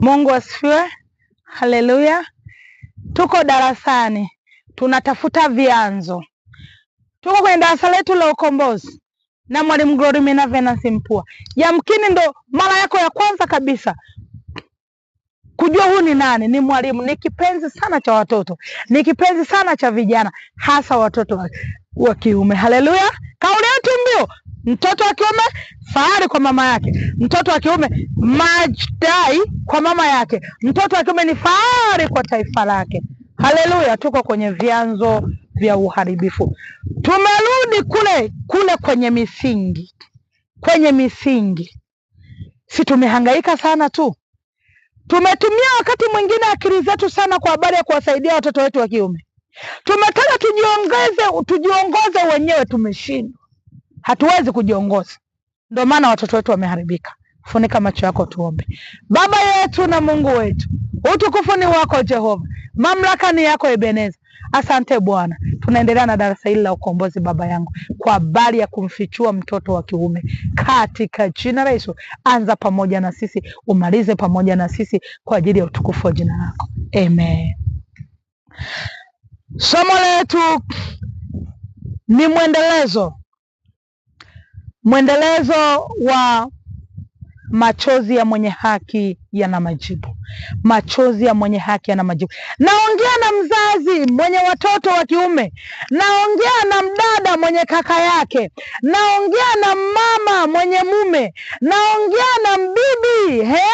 Mungu asifiwe. Haleluya. Tuko darasani tunatafuta vyanzo. Tuko kwenye darasa letu la ukombozi na mwalimu Glory Mina Venance Mpua. Yamkini ndo mara yako ya kwanza kabisa kujua huu ni nani. Ni mwalimu, ni kipenzi sana cha watoto, ni kipenzi sana cha vijana, hasa watoto wa kiume. Haleluya. Kauli yetu mbio Mtoto wa kiume fahari kwa mama yake, mtoto wa kiume majdai kwa mama yake, mtoto wa kiume ni fahari kwa taifa lake. Haleluya! Tuko kwenye vyanzo vya uharibifu, tumerudi kule kule kwenye misingi, kwenye misingi. Si tumehangaika sana tu, tumetumia wakati mwingine akili zetu sana kwa habari ya kuwasaidia watoto wetu wa kiume. Tumetaka tujiongeze, tujiongoze wenyewe, tumeshindwa Hatuwezi kujiongoza, ndio maana watoto wetu wameharibika. Funika macho yako tuombe. Baba yetu na Mungu wetu, utukufu ni wako Jehova, mamlaka ni yako Ebeneza. Asante Bwana, tunaendelea na darasa hili la ukombozi, baba yangu, kwa habari ya kumfichua mtoto wa kiume katika jina la Yesu. Anza pamoja na sisi, umalize pamoja na sisi, kwa ajili ya utukufu wa jina lako, amen. Somo letu ni mwendelezo Mwendelezo wa machozi ya mwenye haki yana majibu, machozi ya mwenye haki yana majibu. Naongea na mzazi mwenye watoto wa kiume, naongea na mdada mwenye kaka yake, naongea na mama mwenye mume, naongea na mbibi he,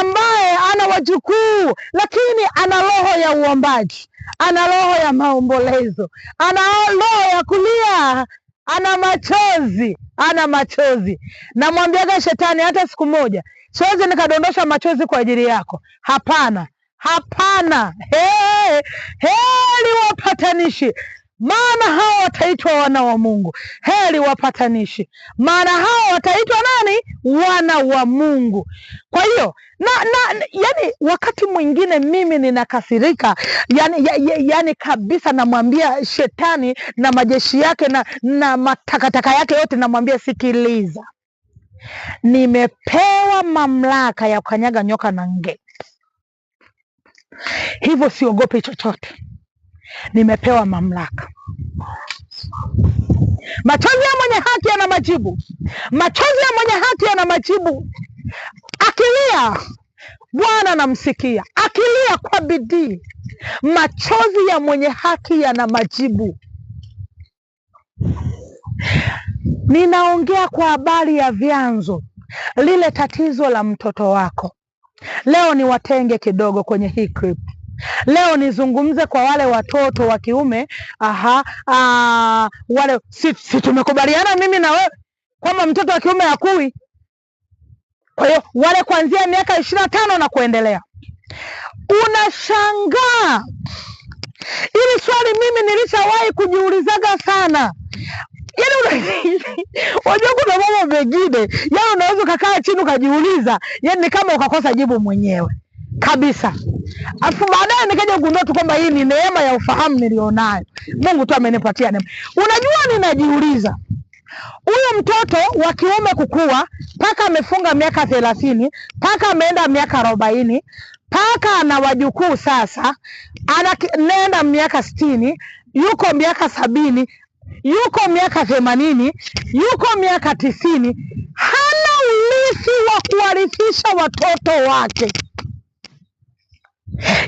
ambaye ana wajukuu lakini ana roho ya uombaji ana roho ya maombolezo, ana roho ya kulia ana machozi, ana machozi. Namwambiaga shetani, hata siku moja siwezi nikadondosha machozi kwa ajili yako. Hapana, hapana. heli wapatanishi maana hao wataitwa wana wa Mungu. Heri wapatanishi, maana hao wataitwa nani? Wana wa Mungu. Kwa hiyo na, na, yani wakati mwingine mimi ninakasirika yani, ya, ya, yani kabisa, namwambia shetani na majeshi yake na, na matakataka yake yote, namwambia sikiliza, nimepewa mamlaka ya kukanyaga nyoka na nge, hivyo siogope chochote, nimepewa mamlaka Machozi ya mwenye haki yana majibu, machozi ya mwenye haki yana majibu. Akilia Bwana anamsikia, akilia kwa bidii. Machozi ya mwenye haki yana majibu. Ninaongea kwa habari ya vyanzo, lile tatizo la mtoto wako. Leo niwatenge kidogo kwenye hii clip. Leo nizungumze kwa wale watoto wa kiume aha, aa, ah, wale si, si tumekubaliana mimi na wewe kwamba mtoto wa kiume hakui. Kwa hiyo wale kuanzia miaka ishirini na tano na kuendelea, unashangaa ili swali mimi nilishawahi kujiulizaga sana. Yaani unajua kuna mambo mengine yaani unaweza ukakaa chini ukajiuliza, yaani ni kama ukakosa jibu mwenyewe kabisa. Alafu baadaye nikaja kugundua tu kwamba hii ni neema ya ufahamu nilionayo. Mungu tu amenipatia neema. Unajua, ninajiuliza huyu mtoto wa kiume kukua mpaka amefunga miaka thelathini mpaka ameenda miaka arobaini mpaka ana wajukuu sasa, anaenda miaka sitini yuko miaka sabini yuko miaka themanini yuko miaka tisini hana urithi wa kuwarithisha watoto wake.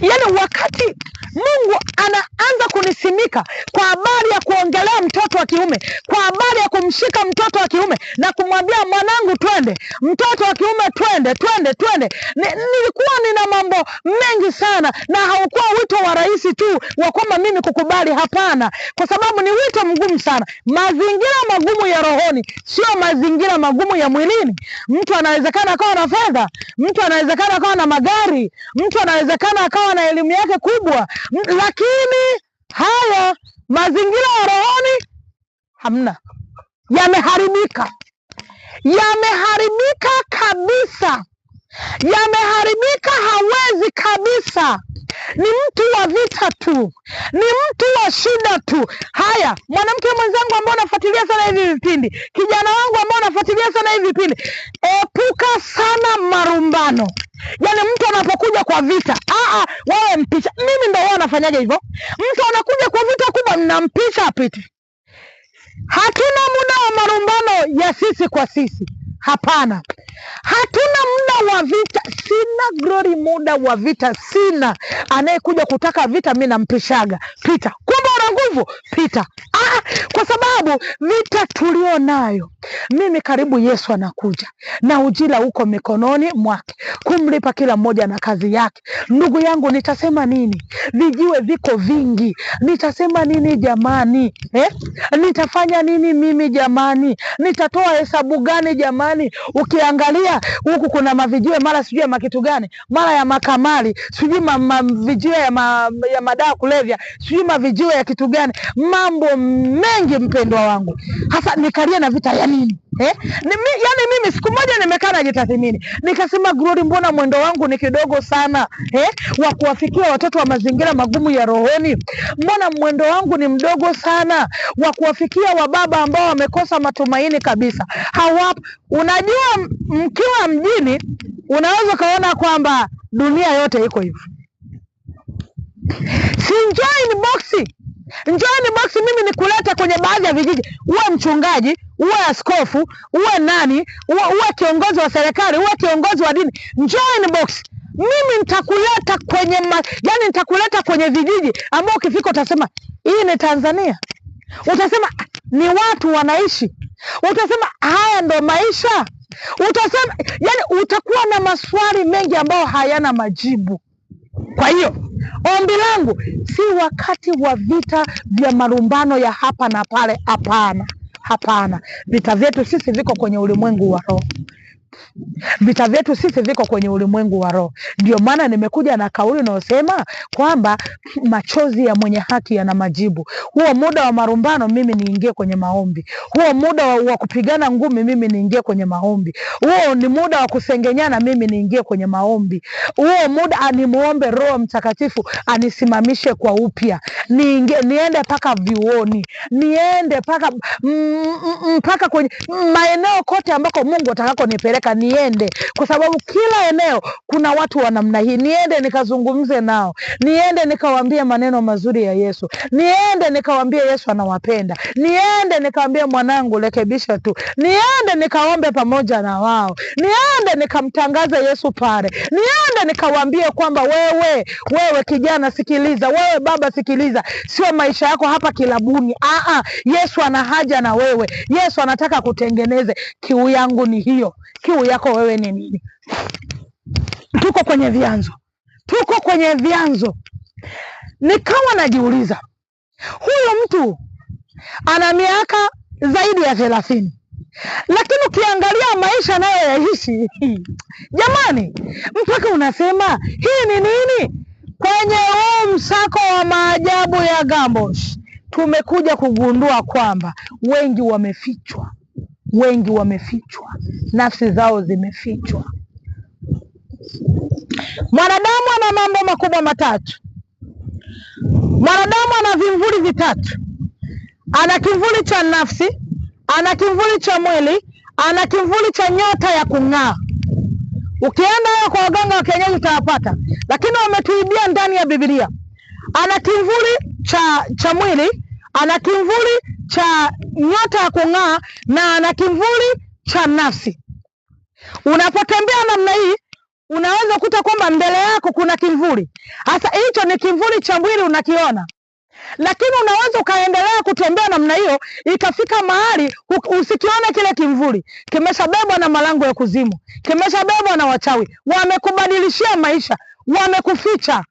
yaani wakati Mungu anaanza kunisimika kwa habari ya kuongelea mtoto wa kiume, kwa habari ya kumshika mtoto wa kiume na kumwambia mwanangu, twende, mtoto wa kiume, twende, twende, twende. Nilikuwa nina mambo mengi sana, na haukuwa wito wa rahisi tu wa kwamba mimi kukubali. Hapana, kwa sababu ni wito mgumu sana. Mazingira magumu ya rohoni sio mazingira magumu ya mwilini. Mtu anawezekana akawa na fedha, mtu anawezekana akawa na magari, mtu anawezekana akawa na elimu yake kubwa, lakini haya mazingira ya rohoni hamna, yameharibika, yameharibika kabisa, yameharibika, hawezi kabisa ni mtu wa vita tu, ni mtu wa shida tu. Haya, mwanamke mwenzangu ambaye unafuatilia sana hivi vipindi, kijana wangu ambaye unafuatilia sana hivi vipindi, epuka sana marumbano. Yaani mtu anapokuja kwa vita, aa, wewe mpisha. Mimi ndo wewe nafanyaje hivyo? Mtu anakuja kwa vita kubwa, mnampisha apiti. Hatuna muda wa marumbano ya sisi kwa sisi, hapana. Hatuna muda wa vita, sina Glory, muda wa vita sina. Anayekuja kutaka vita mi nampishaga pita. Kumbe una nguvu pita. Ah, kwa sababu vita tulio nayo mimi karibu, Yesu anakuja na ujira uko mikononi mwake, kumlipa kila mmoja na kazi yake. Ndugu yangu, nitasema nini? Vijiwe viko vingi, nitasema nini jamani eh? Nitafanya nini mimi jamani? Nitatoa hesabu gani jamani? Ukiangalia huku kuna mavijiwe mara sijui ya makitu gani, mara ya makamali sijui mavijiwe ya, ma, ya madawa kulevya sijui mavijiwe ya kitu gani? Mambo mengi mpendwa wangu, hasa nikalia na vita ya nini eh? mi, yani mimi siku moja nimekaa najitathmini nikasema, Glory, mbona mwendo wangu ni kidogo sana eh, wa kuwafikia watoto wa mazingira magumu ya rohoni? Mbona mwendo wangu ni mdogo sana wa kuwafikia wababa ambao wamekosa matumaini kabisa, hawapo. Unajua, mkiwa mjini unaweza ukaona kwamba dunia yote iko hivyo. Sinjoin boxi Njooni Box, mimi nikuleta kwenye baadhi ya vijiji, uwe mchungaji, uwe askofu, uwe nani, uwe kiongozi wa serikali, uwe kiongozi wa dini, Njooni Box mimi nitakuleta kwenye ma... yani nitakuleta kwenye vijiji ambao ukifika utasema hii ni Tanzania, utasema ni watu wanaishi, utasema haya ndo maisha, utasema yani, utakuwa na maswali mengi ambayo hayana majibu. Kwa hiyo ombi langu si wakati wa vita vya marumbano ya hapa na pale. Hapana, hapana. Vita vyetu sisi viko kwenye ulimwengu wa roho. Vita vyetu sisi viko kwenye ulimwengu wa roho. Ndio maana nimekuja na kauli unayosema kwamba machozi ya mwenye haki yana majibu. Huo muda wa marumbano, mimi niingie kwenye maombi. Huo muda wa, wa kupigana ngumi, mimi niingie kwenye maombi. Huo ni muda wa kusengenyana, mimi niingie kwenye maombi. Huo muda animuombe ah, Roho Mtakatifu anisimamishe kwa upya, niingie niende mpaka vyuoni, niende mpaka mm, mm, mm, mpaka kwenye maeneo kote ambako Mungu atakako nipeleka nataka niende, kwa sababu kila eneo kuna watu wa namna hii. Niende nikazungumze nao, niende nikawaambie maneno mazuri ya Yesu, niende nikawaambie Yesu anawapenda, niende nikawaambie mwanangu rekebisha tu, niende nikaombe pamoja na wao, niende nikamtangaze Yesu pale, niende nikawaambie kwamba wewe, wewe kijana sikiliza, wewe baba sikiliza, sio maisha yako hapa kilabuni. Aa, Yesu ana haja na wewe, Yesu anataka kutengeneze. Kiu yangu ni hiyo. Kiu kiu yako wewe ni nini? Tuko kwenye vyanzo, tuko kwenye vyanzo. Nikawa najiuliza huyu mtu ana miaka zaidi ya thelathini, lakini ukiangalia maisha nayo yaishi jamani, mpaka unasema hii ni nini? Kwenye huu msako wa maajabu ya Gumbosh tumekuja kugundua kwamba wengi wamefichwa wengi wamefichwa, nafsi zao zimefichwa. Mwanadamu ana mambo makubwa matatu. Mwanadamu ana vimvuli vitatu, ana kimvuli cha nafsi, ana kimvuli cha mwili, ana kimvuli cha nyota ya kung'aa. Ukienda wewe kwa waganga wa kienyeji utawapata, lakini wametuibia ndani ya Biblia. Ana kimvuli cha, cha mwili, ana kimvuli cha nyota ya kung'aa na ana kimvuli cha nafsi. Unapotembea namna hii unaweza kuta kwamba mbele yako kuna kimvuli. Hasa hicho ni kimvuli cha mwili unakiona, lakini unaweza ukaendelea kutembea namna hiyo ikafika mahali usikione kile kimvuli, kimeshabebwa na malango ya kuzimu, kimeshabebwa na wachawi, wamekubadilishia maisha, wamekuficha.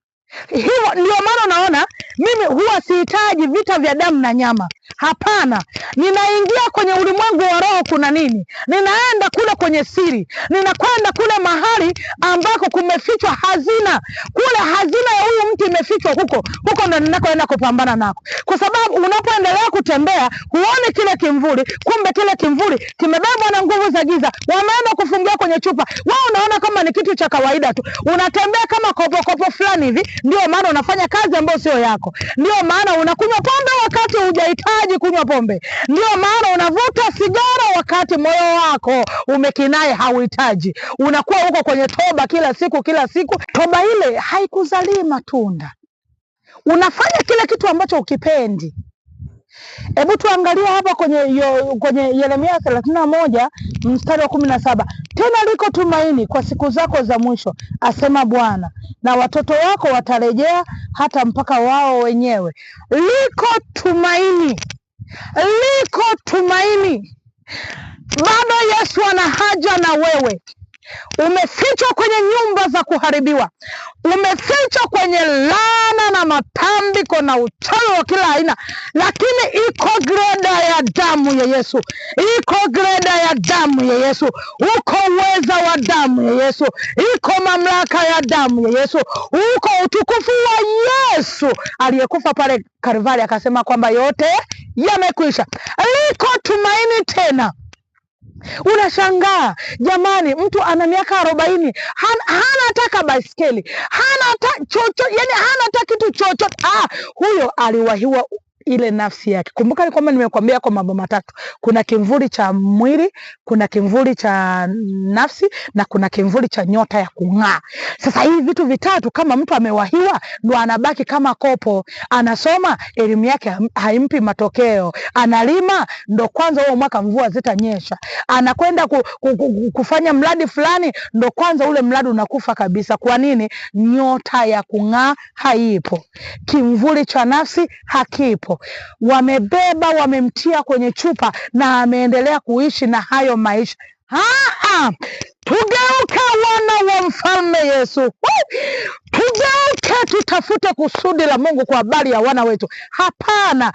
Hivyo ndio maana unaona mimi huwa sihitaji vita vya damu na nyama, Hapana, ninaingia kwenye ulimwengu wa roho. Kuna nini? Ninaenda kule kwenye siri, ninakwenda kule mahali ambako kumefichwa hazina. Kule hazina ya huyu mtu imefichwa, huko huko ndo ninakoenda kupambana nako, kwa sababu unapoendelea kutembea huone kile kimvuli, kumbe kile kimvuli kimebebwa na nguvu za giza, wameenda kufungia kwenye chupa. Wewe unaona kama ni kitu cha kawaida tu, unatembea kama kopokopo fulani hivi. Ndio maana unafanya kazi ambayo sio yako, ndio maana unakunywa pombe wakati hujahitaji unahitaji kunywa pombe. Ndio maana unavuta sigara wakati moyo wako umekinai, hauhitaji. Unakuwa huko kwenye toba kila siku kila siku, toba ile haikuzalii matunda. Unafanya kile kitu ambacho ukipendi. Hebu tuangalie hapa kwenye yo, kwenye Yeremia thelathini na moja mstari wa kumi na saba tena liko tumaini kwa siku zako za mwisho, asema Bwana, na watoto wako watarejea hata mpaka wao wenyewe. Liko tumaini, liko tumaini. Bado Yesu ana haja na wewe. Umefichwa kwenye nyumba za kuharibiwa, umefichwa kwenye laana na mata iko na uchawi wa kila aina, lakini iko greda ya damu ya Yesu, iko greda ya damu ya Yesu, uko uweza wa damu ya Yesu, iko mamlaka ya damu ya Yesu, uko utukufu wa Yesu aliyekufa pale Kalvari akasema kwamba yote yamekwisha. Liko tumaini tena Unashangaa jamani, mtu ana miaka arobaini hana, hana hata baiskeli hana hata chochote, yani hana hata kitu chochote. Ah, huyo aliwahiwa ile nafsi yake. Kumbuka ni kwamba nimekwambia kwa mambo matatu, kuna kimvuli cha mwili, kuna kimvuli cha nafsi na kuna kimvuli cha nyota ya kung'aa. Sasa hivi vitu vitatu, kama mtu amewahiwa, ndo anabaki kama kopo, anasoma elimu yake haimpi matokeo, analima ndo kwanza huo mwaka mvua zitanyesha, anakwenda ku, ku, ku, kufanya mradi fulani, ndo kwanza ule mradi unakufa kabisa. Kwa nini? Nyota ya kung'aa haipo, kimvuli cha nafsi hakipo yako, wamebeba wamemtia kwenye chupa na ameendelea kuishi na hayo maisha. Aa, tugeuke wana wa mfalme Yesu, tugeuke tutafute kusudi la Mungu kwa habari ya wana wetu. Hapana,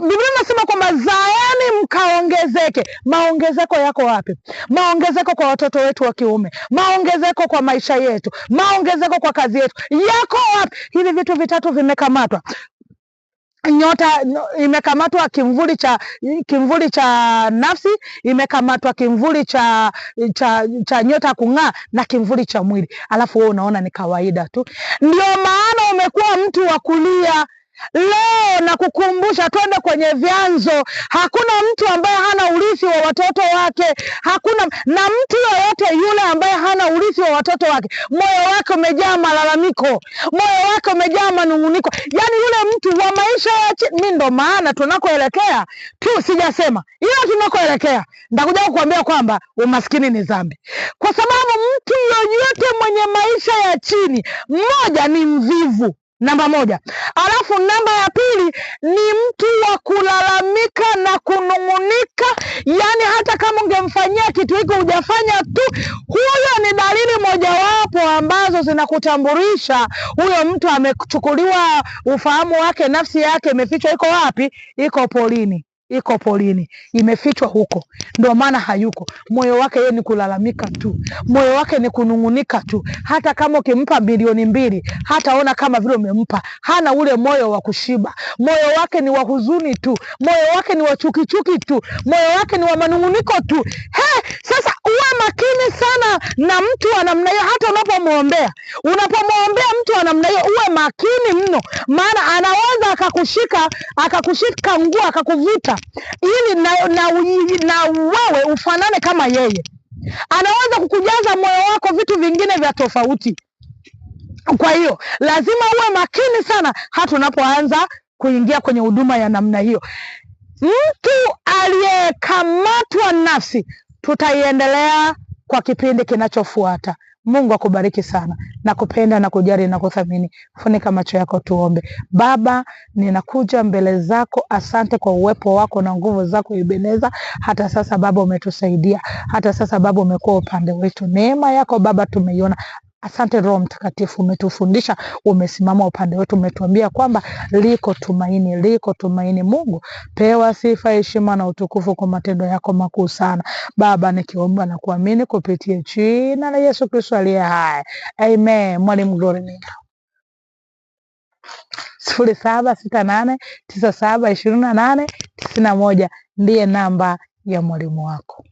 Biblia inasema kwamba zaeni mkaongezeke. Maongezeko yako wapi? Maongezeko kwa watoto wetu wa kiume, maongezeko kwa maisha yetu, maongezeko kwa kazi yetu yako wapi? Hivi vitu vitatu vimekamatwa nyota imekamatwa kimvuli cha kimvuli cha nafsi, imekamatwa kimvuli cha, cha, cha nyota kung'aa na kimvuli cha mwili, alafu wewe unaona ni kawaida tu. Ndio maana umekuwa mtu wa kulia leo na kukumbusha, twende kwenye vyanzo. Hakuna mtu ambaye urithi wa watoto wake, hakuna na mtu yoyote yule ambaye hana urithi wa watoto wake, moyo wake umejaa malalamiko, moyo wake umejaa manunguniko, yaani yule mtu wa maisha yake. Mi ndo maana tunakoelekea tu, sijasema ila tunakoelekea ndakuja kukuambia kwamba umaskini ni dhambi, kwa sababu mtu yoyote mwenye maisha ya chini, mmoja ni mvivu, namba moja, alafu namba ya pili ni kutambulisha huyo mtu amechukuliwa ufahamu wake, nafsi yake imefichwa. Iko wapi? Iko polini iko polini, imefichwa huko, ndio maana hayuko. Moyo wake yeye ni kulalamika tu, moyo wake ni kunung'unika tu. Hata kama ukimpa milioni mbili hataona kama vile umempa. Hana ule moyo wa kushiba, moyo wake ni wa huzuni tu, moyo wake ni wa chukichuki tu, moyo wake ni wa manung'uniko tu. He, makini sana na mtu wa namna hiyo, hata unapomwombea unapomwombea mtu wa namna hiyo uwe makini mno, maana anaweza akakushika akakushika nguo akakuvuta ili na, na, na wewe ufanane kama yeye. Anaweza kukujaza moyo wako vitu vingine vya tofauti. Kwa hiyo lazima uwe makini sana hata unapoanza kuingia kwenye huduma ya namna hiyo. Mtu aliyekamatwa nafsi tutaiendelea kwa kipindi kinachofuata. Mungu akubariki sana, nakupenda na kujari na kuthamini. Funika macho yako, tuombe. Baba, ninakuja mbele zako, asante kwa uwepo wako na nguvu zako Ibeneza. Hata sasa Baba umetusaidia, hata sasa Baba umekuwa upande wetu. Neema yako Baba tumeiona, Asante Roho Mtakatifu, umetufundisha, umesimama upande wetu, umetuambia kwamba liko tumaini, liko tumaini. Mungu, pewa sifa, heshima na utukufu kwa matendo yako makuu sana. Baba, nikiomba na kuamini kupitia jina la Yesu Kristo aliye hai, amen. Mwalimu Glory sifuri saba sita nane tisa saba ishirini na nane tisini na moja ndiye namba ya mwalimu wako.